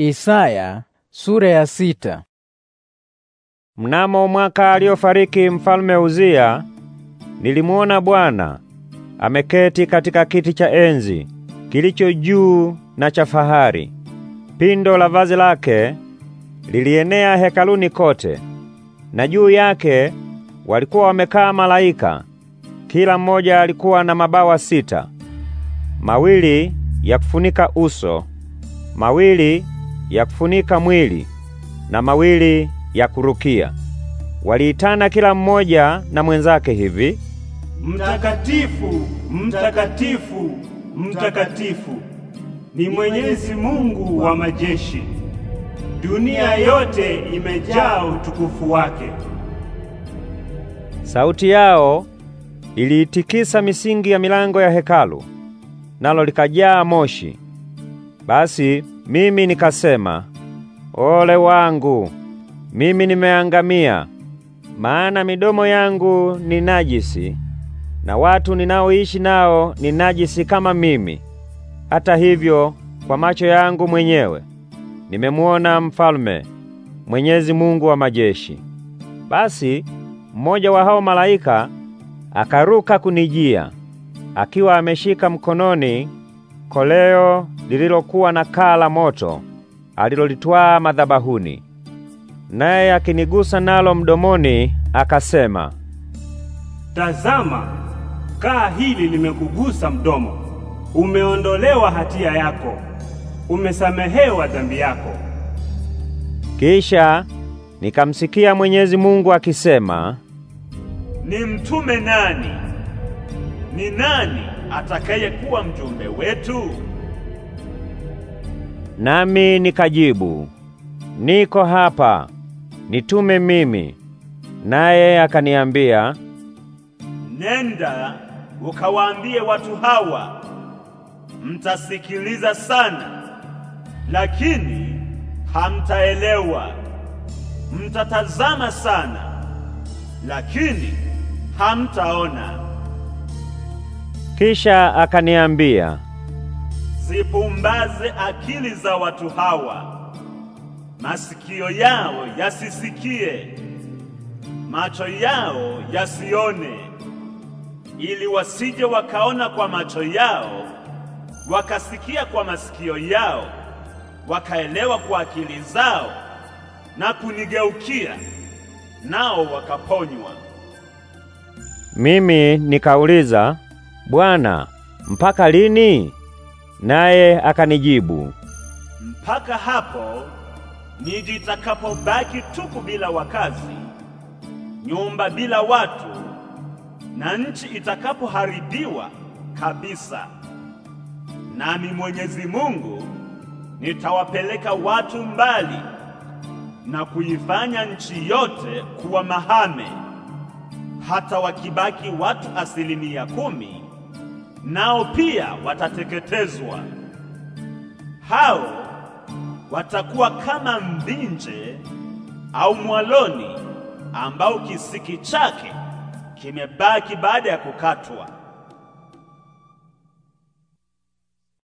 Isaya sura ya sita. Mnamo mwaka aliofariki mfalme Uzia, nilimuona Bwana ameketi katika kiti cha enzi kilicho juu na cha fahari. Pindo la vazi lake lilienea hekaluni kote, na juu yake walikuwa wamekaa malaika. Kila mmoja alikuwa na mabawa sita, mawili ya kufunika uso, mawili ya kufunika mwili na mawili ya kurukia. Waliitana kila mmoja na mwenzake hivi: Mtakatifu, mtakatifu, mtakatifu ni Mwenyezi Mungu wa majeshi. Dunia yote imejaa utukufu wake. Sauti yao iliitikisa misingi ya milango ya hekalu, nalo likajaa moshi. Basi mimi nikasema, ole wangu, mimi nimeangamia, maana midomo yangu ni najisi na watu ninaoishi nao ni najisi kama mimi. Hata hivyo, kwa macho yangu mwenyewe nimemuona mfalme Mwenyezi Mungu wa majeshi. Basi mmoja wa hao malaika akaruka kunijia akiwa ameshika mkononi koleo lililokuwa na kaa la moto alilolitwaa madhabahuni, naye akinigusa nalo mdomoni akasema, tazama, kaa hili limekugusa mdomo, umeondolewa hatia yako, umesamehewa dhambi yako. Kisha nikamsikia Mwenyezi Mungu akisema, ni mtume nani? Ni nani atakayekuwa mjumbe wetu? Nami nikajibu, niko hapa, nitume mimi. Naye akaniambia, nenda ukawaambie watu hawa, mtasikiliza sana lakini hamtaelewa, mtatazama sana lakini hamtaona. Kisha akaniambia zipumbaze akili za watu hawa, masikio yao yasisikie, macho yao yasione, ili wasije wakaona kwa macho yao, wakasikia kwa masikio yao, wakaelewa kwa akili zao na kunigeukia, nao wakaponywa. Mimi nikauliza, Bwana, mpaka lini? Naye akanijibu, mpaka hapo miji itakapobaki tupu bila wakazi, nyumba bila watu, na nchi itakapoharibiwa kabisa. Nami Mwenyezi Mungu nitawapeleka watu mbali na kuifanya nchi yote kuwa mahame, hata wakibaki watu asilimia kumi nao pia watateketezwa. Hao watakuwa kama mvinje au mwaloni ambao kisiki chake kimebaki baada ya kukatwa.